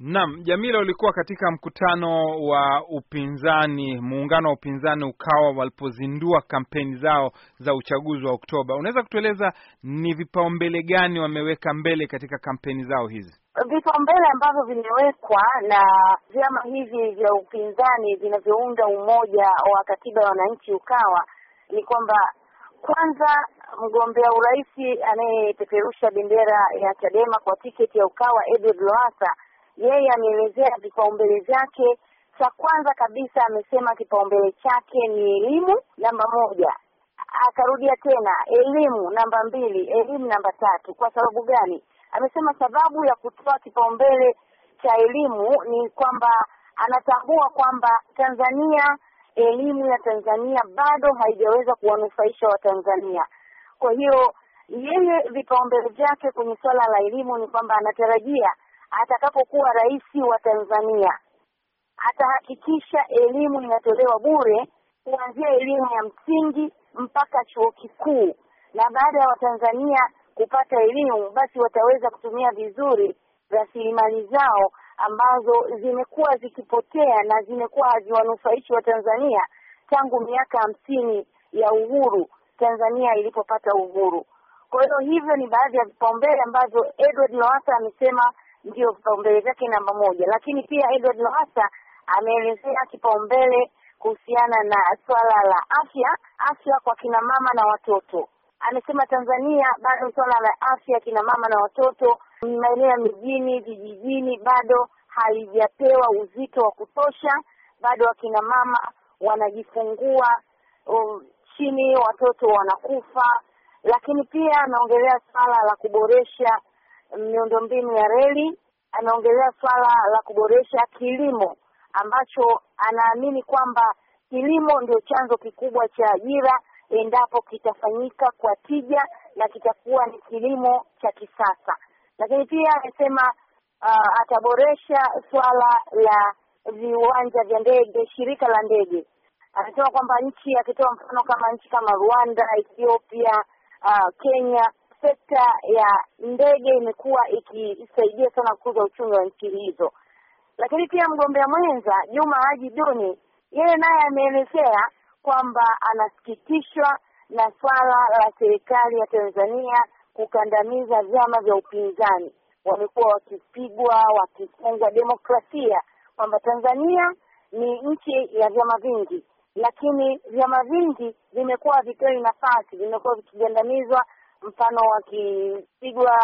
Naam, Jamila, ulikuwa katika mkutano wa upinzani, muungano wa upinzani Ukawa walipozindua kampeni zao za uchaguzi wa Oktoba. Unaweza kutueleza ni vipaumbele gani wameweka mbele katika kampeni zao hizi? Vipaumbele ambavyo vimewekwa na vyama hivi vya upinzani vinavyounda Umoja wa Katiba ya Wananchi Ukawa ni kwamba kwanza mgombea urais anayepeperusha bendera ya Chadema kwa tiketi ya Ukawa Edward Lowassa yeye ameelezea vipaumbele vyake. Cha kwanza kabisa amesema kipaumbele chake ni elimu namba moja, akarudia tena elimu namba mbili, elimu namba tatu. Kwa sababu gani? Amesema sababu ya kutoa kipaumbele cha elimu ni kwamba anatambua kwamba Tanzania, elimu ya Tanzania bado haijaweza kuwanufaisha Watanzania. Kwa hiyo yeye vipaumbele vyake kwenye suala la elimu ni kwamba anatarajia atakapokuwa rais wa Tanzania atahakikisha elimu inatolewa bure kuanzia elimu ya msingi mpaka chuo kikuu, na baada ya Watanzania kupata elimu, basi wataweza kutumia vizuri rasilimali zao ambazo zimekuwa zikipotea na zimekuwa haziwanufaishi Watanzania tangu miaka hamsini ya uhuru Tanzania ilipopata uhuru. Kwa hiyo hivyo ni baadhi ya vipaumbele ambavyo Edward Lowassa amesema ndio vipaumbele vyake namba moja, lakini pia Edward Lowassa ameelezea kipaumbele kuhusiana na swala la afya, afya kwa kina mama na watoto. Amesema Tanzania bado swala la afya kina mama na watoto maeneo ya mijini, vijijini bado halijapewa uzito wa kutosha, bado wakina mama wanajifungua um, chini, watoto wanakufa. Lakini pia anaongelea swala la kuboresha miundombinu ya reli. Ameongelea swala la kuboresha kilimo ambacho anaamini kwamba kilimo ndio chanzo kikubwa cha ajira endapo kitafanyika kwa tija na kitakuwa ni kilimo cha kisasa. Lakini pia amesema uh, ataboresha swala la viwanja vya ndege, shirika la ndege. Anasema kwamba nchi, akitoa mfano kama nchi kama Rwanda, Ethiopia, uh, Kenya sekta ya ndege imekuwa ikisaidia sana kukuza uchumi wa nchi hizo. Lakini pia mgombea mwenza Juma Haji Duni, yeye naye ameelezea kwamba anasikitishwa na swala la serikali ya Tanzania kukandamiza vyama vya upinzani. Wamekuwa wakipigwa, wakifungwa demokrasia, kwamba Tanzania ni nchi ya vyama vingi, lakini vyama vingi vimekuwa vitoi nafasi, vimekuwa vikigandamizwa mfano wakipigwa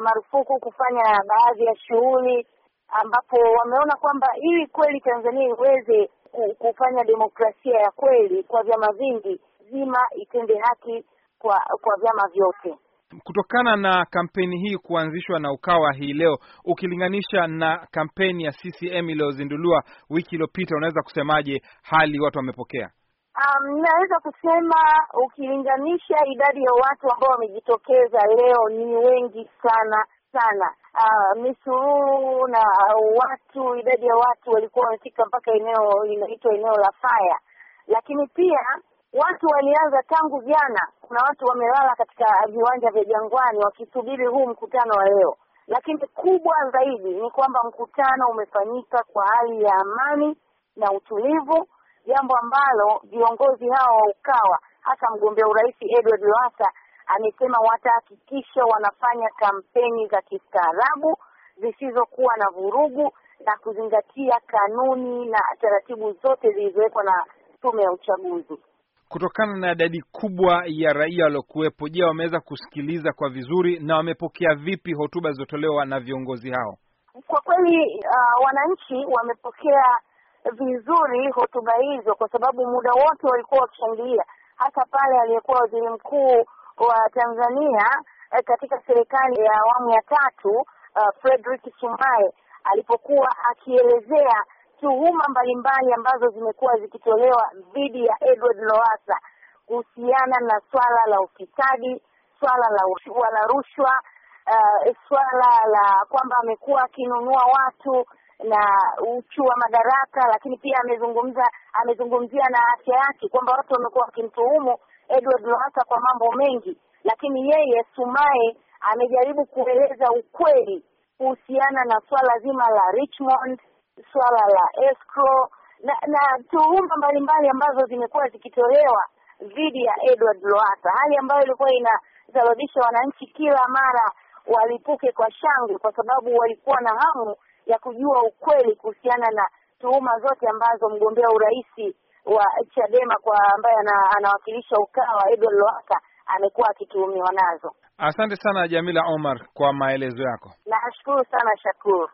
marufuku kufanya baadhi ya shughuli ambapo wameona kwamba ili kweli Tanzania iweze kufanya demokrasia ya kweli kwa vyama vingi, zima itende haki kwa kwa vyama vyote. Kutokana na kampeni hii kuanzishwa na Ukawa hii leo, ukilinganisha na kampeni ya CCM iliyozinduliwa wiki iliyopita, unaweza kusemaje hali watu wamepokea? Um, naweza kusema ukilinganisha idadi ya watu ambao wamejitokeza leo ni wengi sana sana. Uh, misururu na watu, idadi ya watu walikuwa wamefika mpaka eneo linaitwa eneo la faya, lakini pia watu walianza tangu jana. Kuna watu wamelala katika viwanja vya Jangwani wakisubiri huu mkutano wa leo, lakini kubwa zaidi ni kwamba mkutano umefanyika kwa hali ya amani na utulivu jambo ambalo viongozi hao wa Ukawa hasa mgombea urais Edward Lowassa amesema watahakikisha wanafanya kampeni za kistaarabu zisizokuwa na vurugu na kuzingatia kanuni na taratibu zote zilizowekwa na tume ya uchaguzi. Kutokana na idadi kubwa ya raia waliokuwepo, je, wameweza kusikiliza kwa vizuri na wamepokea vipi hotuba zilizotolewa na viongozi hao? Kwa kweli, uh, wananchi wamepokea vizuri hotuba hizo, kwa sababu muda wote walikuwa wakishangilia, hata pale aliyekuwa waziri mkuu wa Tanzania eh, katika serikali ya awamu ya tatu uh, Frederick Sumaye alipokuwa akielezea tuhuma mbalimbali ambazo zimekuwa zikitolewa dhidi ya Edward Lowassa kuhusiana na swala la ufisadi, swala la rushwa, uh, swala la kwamba amekuwa akinunua watu na uchu wa madaraka, lakini pia amezungumza amezungumzia na afya yake kwamba watu wamekuwa wakimtuhumu Edward Lowassa kwa mambo mengi, lakini yeye Sumaye amejaribu kueleza ukweli kuhusiana na swala zima la Richmond, swala la escrow na, na tuhuma mbalimbali ambazo zimekuwa zikitolewa dhidi ya Edward Lowassa, hali ambayo ilikuwa inasababisha wananchi kila mara walipuke kwa shangwe, kwa sababu walikuwa na hamu ya kujua ukweli kuhusiana na tuhuma zote ambazo mgombea urais wa Chadema kwa ambaye anawakilisha Ukawa Edward Lowassa amekuwa akituhumiwa nazo. Asante sana Jamila Omar kwa maelezo yako. Nashukuru sana Shakuru.